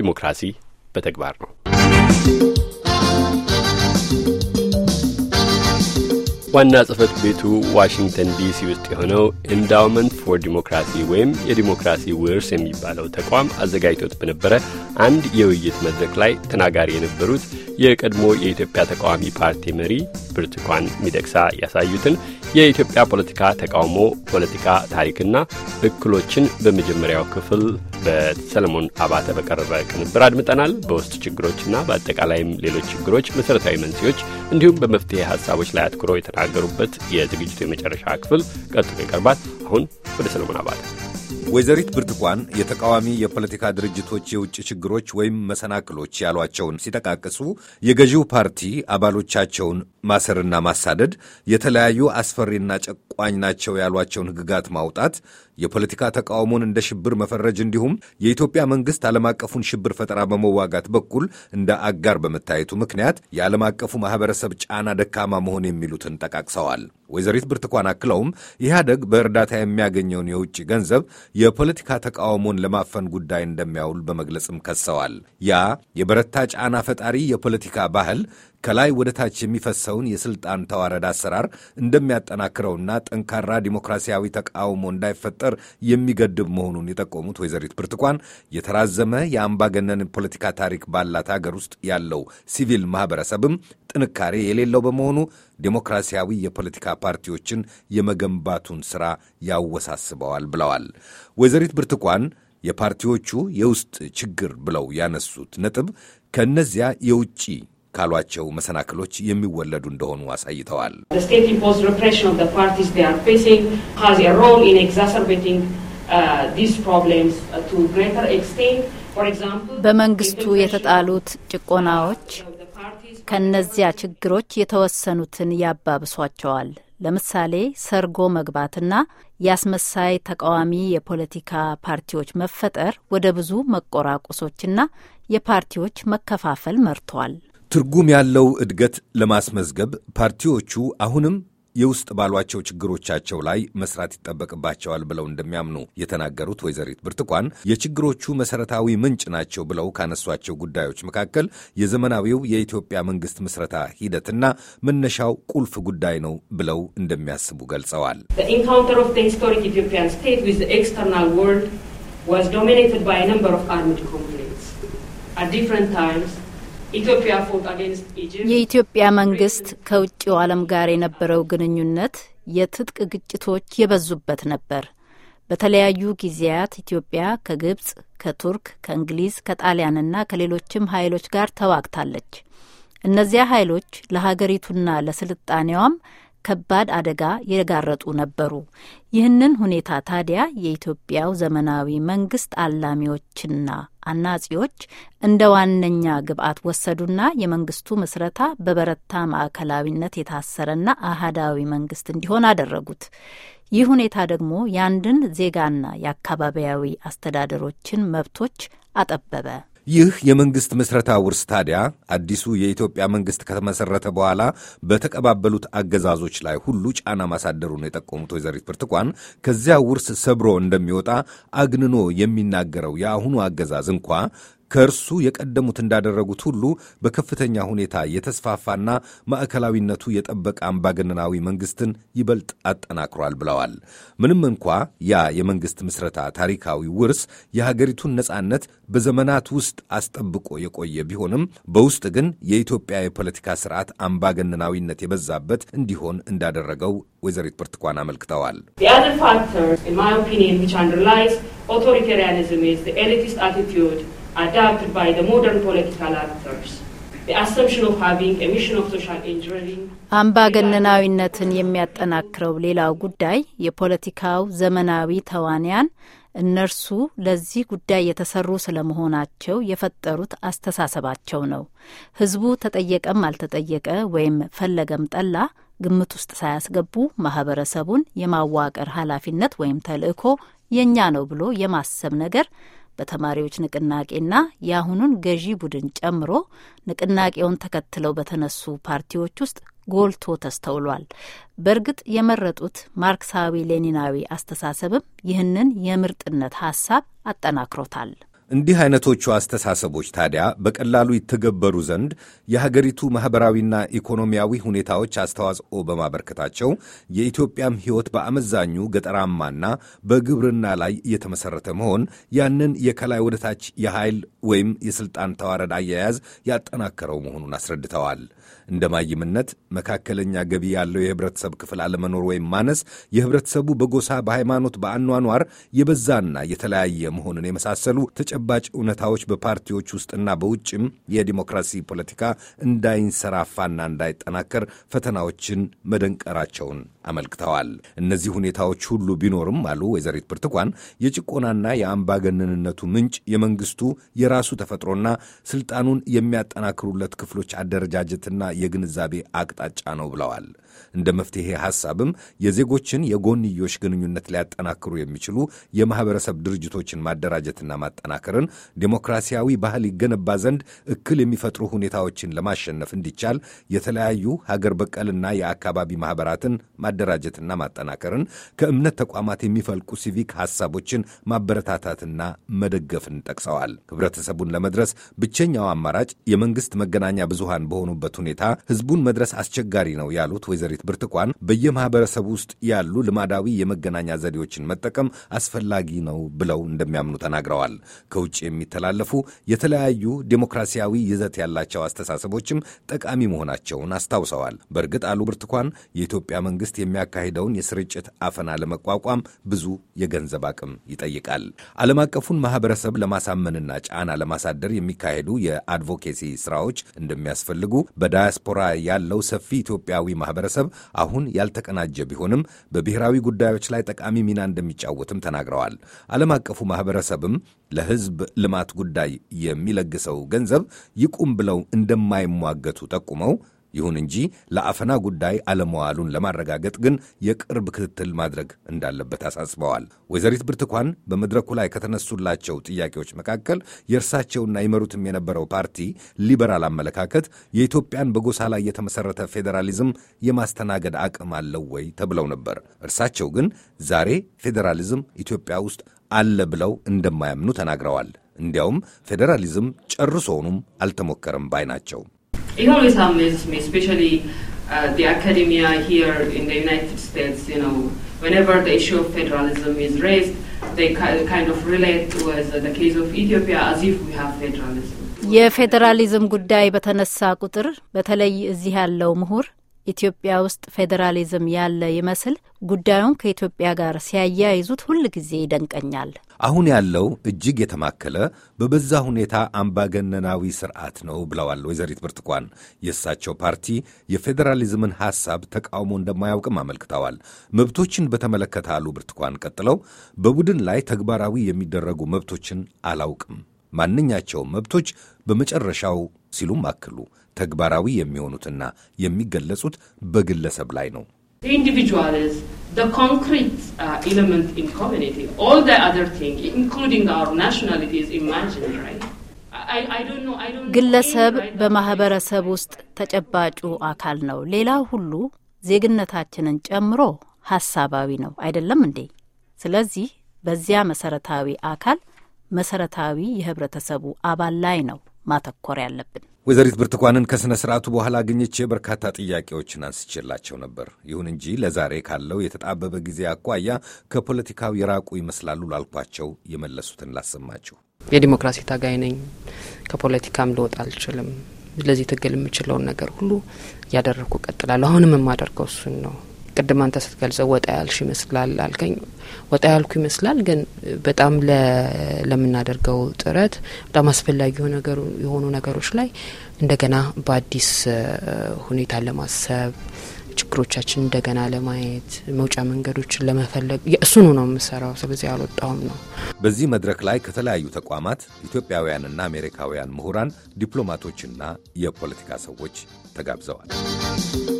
ዲሞክራሲ በተግባር ነው። ዋና ጽህፈት ቤቱ ዋሽንግተን ዲሲ ውስጥ የሆነው ኢንዳውመንት ፎር ዲሞክራሲ ወይም የዲሞክራሲ ውርስ የሚባለው ተቋም አዘጋጅቶት በነበረ አንድ የውይይት መድረክ ላይ ተናጋሪ የነበሩት የቀድሞ የኢትዮጵያ ተቃዋሚ ፓርቲ መሪ ብርቱካን ሚደቅሳ ያሳዩትን የኢትዮጵያ ፖለቲካ ተቃውሞ፣ ፖለቲካ ታሪክና እክሎችን በመጀመሪያው ክፍል በሰለሞን አባተ በቀረበ ቅንብር አድምጠናል። በውስጥ ችግሮችና በአጠቃላይም ሌሎች ችግሮች መሠረታዊ መንስኤዎች እንዲሁም በመፍትሄ ሀሳቦች ላይ አትኩረው የተናገሩበት የዝግጅቱ የመጨረሻ ክፍል ቀጥሎ ይቀርባል። አሁን ወደ ሰለሞን አባተ ወይዘሪት ብርቱካን የተቃዋሚ የፖለቲካ ድርጅቶች የውጭ ችግሮች ወይም መሰናክሎች ያሏቸውን ሲጠቃቅሱ የገዢው ፓርቲ አባሎቻቸውን ማሰርና ማሳደድ፣ የተለያዩ አስፈሪና ጨቋኝ ናቸው ያሏቸውን ሕግጋት ማውጣት፣ የፖለቲካ ተቃውሞን እንደ ሽብር መፈረጅ እንዲሁም የኢትዮጵያ መንግስት ዓለም አቀፉን ሽብር ፈጠራ በመዋጋት በኩል እንደ አጋር በመታየቱ ምክንያት የዓለም አቀፉ ማህበረሰብ ጫና ደካማ መሆን የሚሉትን ጠቃቅሰዋል። ወይዘሪት ብርቱካን አክለውም ኢህአደግ በእርዳታ የሚያገኘውን የውጭ ገንዘብ የፖለቲካ ተቃውሞን ለማፈን ጉዳይ እንደሚያውል በመግለጽም ከሰዋል። ያ የበረታ ጫና ፈጣሪ የፖለቲካ ባህል ከላይ ወደ ታች የሚፈሰውን የስልጣን ተዋረድ አሰራር እንደሚያጠናክረውና ጠንካራ ዲሞክራሲያዊ ተቃውሞ እንዳይፈጠር የሚገድብ መሆኑን የጠቆሙት ወይዘሪት ብርቱካን የተራዘመ የአምባገነን ፖለቲካ ታሪክ ባላት ሀገር ውስጥ ያለው ሲቪል ማህበረሰብም ጥንካሬ የሌለው በመሆኑ ዴሞክራሲያዊ የፖለቲካ ፓርቲዎችን የመገንባቱን ስራ ያወሳስበዋል ብለዋል። ወይዘሪት ብርቱካን የፓርቲዎቹ የውስጥ ችግር ብለው ያነሱት ነጥብ ከእነዚያ የውጭ ካሏቸው መሰናክሎች የሚወለዱ እንደሆኑ አሳይተዋል። uh, uh, በመንግስቱ የተጣሉት ጭቆናዎች ከነዚያ ችግሮች የተወሰኑትን ያባብሷቸዋል። ለምሳሌ ሰርጎ መግባትና የአስመሳይ ተቃዋሚ የፖለቲካ ፓርቲዎች መፈጠር ወደ ብዙ መቆራቆሶችና የፓርቲዎች መከፋፈል መርቷል። ትርጉም ያለው እድገት ለማስመዝገብ ፓርቲዎቹ አሁንም የውስጥ ባሏቸው ችግሮቻቸው ላይ መስራት ይጠበቅባቸዋል ብለው እንደሚያምኑ የተናገሩት ወይዘሪት ብርቱካን የችግሮቹ መሰረታዊ ምንጭ ናቸው ብለው ካነሷቸው ጉዳዮች መካከል የዘመናዊው የኢትዮጵያ መንግስት ምስረታ ሂደትና መነሻው ቁልፍ ጉዳይ ነው ብለው እንደሚያስቡ ገልጸዋል። ኢንካውንተር የኢትዮጵያ መንግስት ከውጭው ዓለም ጋር የነበረው ግንኙነት የትጥቅ ግጭቶች የበዙበት ነበር። በተለያዩ ጊዜያት ኢትዮጵያ ከግብጽ፣ ከቱርክ፣ ከእንግሊዝ፣ ከጣሊያንና ከሌሎችም ኃይሎች ጋር ተዋግታለች። እነዚያ ኃይሎች ለሀገሪቱና ለስልጣኔዋም ከባድ አደጋ የጋረጡ ነበሩ። ይህንን ሁኔታ ታዲያ የኢትዮጵያው ዘመናዊ መንግስት አላሚዎችና አናጺዎች እንደ ዋነኛ ግብአት ወሰዱና የመንግስቱ ምስረታ በበረታ ማዕከላዊነት የታሰረና አህዳዊ መንግስት እንዲሆን አደረጉት። ይህ ሁኔታ ደግሞ የአንድን ዜጋና የአካባቢያዊ አስተዳደሮችን መብቶች አጠበበ። ይህ የመንግሥት ምስረታ ውርስ ታዲያ አዲሱ የኢትዮጵያ መንግሥት ከተመሠረተ በኋላ በተቀባበሉት አገዛዞች ላይ ሁሉ ጫና ማሳደሩን የጠቆሙት ወይዘሪት ብርቱካን ከዚያ ውርስ ሰብሮ እንደሚወጣ አግንኖ የሚናገረው የአሁኑ አገዛዝ እንኳ ከእርሱ የቀደሙት እንዳደረጉት ሁሉ በከፍተኛ ሁኔታ የተስፋፋና ማዕከላዊነቱ የጠበቀ አምባገነናዊ መንግስትን ይበልጥ አጠናክሯል ብለዋል። ምንም እንኳ ያ የመንግስት ምስረታ ታሪካዊ ውርስ የሀገሪቱን ነጻነት በዘመናት ውስጥ አስጠብቆ የቆየ ቢሆንም በውስጥ ግን የኢትዮጵያ የፖለቲካ ስርዓት አምባገነናዊነት የበዛበት እንዲሆን እንዳደረገው ወይዘሪት ብርቱካን አመልክተዋል። ኦቶሪታሪያኒዝም ኤሊቲስት አቲቲዩድ adapted by the modern political actors. አምባገነናዊነትን የሚያጠናክረው ሌላው ጉዳይ የፖለቲካው ዘመናዊ ተዋንያን እነርሱ ለዚህ ጉዳይ የተሰሩ ስለመሆናቸው የፈጠሩት አስተሳሰባቸው ነው። ህዝቡ ተጠየቀም አልተጠየቀ ወይም ፈለገም ጠላ ግምት ውስጥ ሳያስገቡ ማህበረሰቡን የማዋቀር ኃላፊነት ወይም ተልዕኮ የእኛ ነው ብሎ የማሰብ ነገር በተማሪዎች ንቅናቄና የአሁኑን ገዢ ቡድን ጨምሮ ንቅናቄውን ተከትለው በተነሱ ፓርቲዎች ውስጥ ጎልቶ ተስተውሏል። በእርግጥ የመረጡት ማርክሳዊ ሌኒናዊ አስተሳሰብም ይህንን የምርጥነት ሀሳብ አጠናክሮታል። እንዲህ አይነቶቹ አስተሳሰቦች ታዲያ በቀላሉ ይተገበሩ ዘንድ የሀገሪቱ ማኅበራዊና ኢኮኖሚያዊ ሁኔታዎች አስተዋጽኦ በማበርከታቸው የኢትዮጵያም ሕይወት በአመዛኙ ገጠራማና በግብርና ላይ የተመሠረተ መሆን ያንን የከላይ ወደታች የኃይል ወይም የሥልጣን ተዋረድ አያያዝ ያጠናከረው መሆኑን አስረድተዋል። እንደ ማይምነት፣ መካከለኛ ገቢ ያለው የህብረተሰብ ክፍል አለመኖር ወይም ማነስ፣ የህብረተሰቡ በጎሳ በሃይማኖት፣ በአኗኗር የበዛና የተለያየ መሆኑን የመሳሰሉ ተጨባጭ እውነታዎች በፓርቲዎች ውስጥና በውጭም የዲሞክራሲ ፖለቲካ እንዳይንሰራፋና እንዳይጠናከር ፈተናዎችን መደንቀራቸውን አመልክተዋል። እነዚህ ሁኔታዎች ሁሉ ቢኖርም አሉ ወይዘሪት ብርቱካን የጭቆናና የአምባገነንነቱ ምንጭ የመንግስቱ የራሱ ተፈጥሮና ስልጣኑን የሚያጠናክሩለት ክፍሎች አደረጃጀትና የግንዛቤ አቅጣጫ ነው ብለዋል። እንደ መፍትሄ ሐሳብም የዜጎችን የጎንዮሽ ግንኙነት ሊያጠናክሩ የሚችሉ የማኅበረሰብ ድርጅቶችን ማደራጀትና ማጠናከርን፣ ዴሞክራሲያዊ ባህል ይገነባ ዘንድ እክል የሚፈጥሩ ሁኔታዎችን ለማሸነፍ እንዲቻል የተለያዩ ሀገር በቀልና የአካባቢ ማኅበራትን ማደራጀትና ማጠናከርን፣ ከእምነት ተቋማት የሚፈልቁ ሲቪክ ሐሳቦችን ማበረታታትና መደገፍን ጠቅሰዋል። ህብረተሰቡን ለመድረስ ብቸኛው አማራጭ የመንግስት መገናኛ ብዙሃን በሆኑበት ሁኔታ ህዝቡን መድረስ አስቸጋሪ ነው ያሉት ወይዘሪት ብርቱካን በየማህበረሰቡ ውስጥ ያሉ ልማዳዊ የመገናኛ ዘዴዎችን መጠቀም አስፈላጊ ነው ብለው እንደሚያምኑ ተናግረዋል። ከውጭ የሚተላለፉ የተለያዩ ዴሞክራሲያዊ ይዘት ያላቸው አስተሳሰቦችም ጠቃሚ መሆናቸውን አስታውሰዋል። በእርግጥ አሉ ብርቱካን የኢትዮጵያ መንግስት የሚያካሂደውን የስርጭት አፈና ለመቋቋም ብዙ የገንዘብ አቅም ይጠይቃል። ዓለም አቀፉን ማህበረሰብ ለማሳመንና ጫና ለማሳደር የሚካሄዱ የአድቮኬሲ ስራዎች እንደሚያስፈልጉ በዳያስፖራ ያለው ሰፊ ኢትዮጵያዊ ማህበረሰብ አሁን ያልተቀናጀ ቢሆንም በብሔራዊ ጉዳዮች ላይ ጠቃሚ ሚና እንደሚጫወትም ተናግረዋል። ዓለም አቀፉ ማህበረሰብም ለህዝብ ልማት ጉዳይ የሚለግሰው ገንዘብ ይቁም ብለው እንደማይሟገቱ ጠቁመው ይሁን እንጂ ለአፈና ጉዳይ አለመዋሉን ለማረጋገጥ ግን የቅርብ ክትትል ማድረግ እንዳለበት አሳስበዋል። ወይዘሪት ብርቱካን በመድረኩ ላይ ከተነሱላቸው ጥያቄዎች መካከል የእርሳቸውና ይመሩትም የነበረው ፓርቲ ሊበራል አመለካከት የኢትዮጵያን በጎሳ ላይ የተመሰረተ ፌዴራሊዝም የማስተናገድ አቅም አለው ወይ ተብለው ነበር። እርሳቸው ግን ዛሬ ፌዴራሊዝም ኢትዮጵያ ውስጥ አለ ብለው እንደማያምኑ ተናግረዋል። እንዲያውም ፌዴራሊዝም ጨርሶውኑም አልተሞከረም ባይ ናቸው። it always amazes me, especially uh, the academia here in the United States, you know, whenever the issue of federalism is raised, they kind of relate to as uh, the case of Ethiopia as if we have federalism. የፌዴራሊዝም ጉዳይ በተነሳ ቁጥር በተለይ እዚህ ያለው ምሁር ኢትዮጵያ ውስጥ ፌዴራሊዝም ያለ ይመስል ጉዳዩን ከኢትዮጵያ ጋር ሲያያይዙት ሁል ጊዜ ይደንቀኛል። አሁን ያለው እጅግ የተማከለ በበዛ ሁኔታ አምባገነናዊ ስርዓት ነው ብለዋል ወይዘሪት ብርቱካን። የእሳቸው ፓርቲ የፌዴራሊዝምን ሐሳብ ተቃውሞ እንደማያውቅም አመልክተዋል። መብቶችን በተመለከተ አሉ ብርቱካን ቀጥለው፣ በቡድን ላይ ተግባራዊ የሚደረጉ መብቶችን አላውቅም ማንኛቸውም መብቶች በመጨረሻው ሲሉም አክሉ ተግባራዊ የሚሆኑትና የሚገለጹት በግለሰብ ላይ ነው። uh, ግለሰብ በማህበረሰብ ውስጥ ተጨባጩ አካል ነው። ሌላ ሁሉ ዜግነታችንን ጨምሮ ሀሳባዊ ነው አይደለም እንዴ? ስለዚህ በዚያ መሰረታዊ አካል መሰረታዊ የህብረተሰቡ አባል ላይ ነው ማተኮር ያለብን። ወይዘሪት ብርቱካንን ከሥነ ሥርዓቱ በኋላ አግኝቼ በርካታ ጥያቄዎችን አንስቼላቸው ነበር። ይሁን እንጂ ለዛሬ ካለው የተጣበበ ጊዜ አኳያ ከፖለቲካው የራቁ ይመስላሉ ላልኳቸው የመለሱትን ላሰማችሁ። የዲሞክራሲ ታጋይ ነኝ፣ ከፖለቲካም ልወጣ አልችልም። ለዚህ ትግል የምችለውን ነገር ሁሉ እያደረግኩ ቀጥላለሁ። አሁንም የማደርገው እሱን ነው። ቅድም አንተ ስትገልጸው ወጣ ያልሽ ይመስላል አልከኝ። ወጣ ያልኩ ይመስላል፣ ግን በጣም ለምናደርገው ጥረት በጣም አስፈላጊ የሆኑ ነገሮች ላይ እንደገና በአዲስ ሁኔታ ለማሰብ ችግሮቻችን እንደገና ለማየት መውጫ መንገዶችን ለመፈለግ እሱኑ ነው የምሰራው። ስለዚህ አልወጣውም ነው። በዚህ መድረክ ላይ ከተለያዩ ተቋማት ኢትዮጵያውያንና አሜሪካውያን ምሁራን፣ ዲፕሎማቶችና የፖለቲካ ሰዎች ተጋብዘዋል።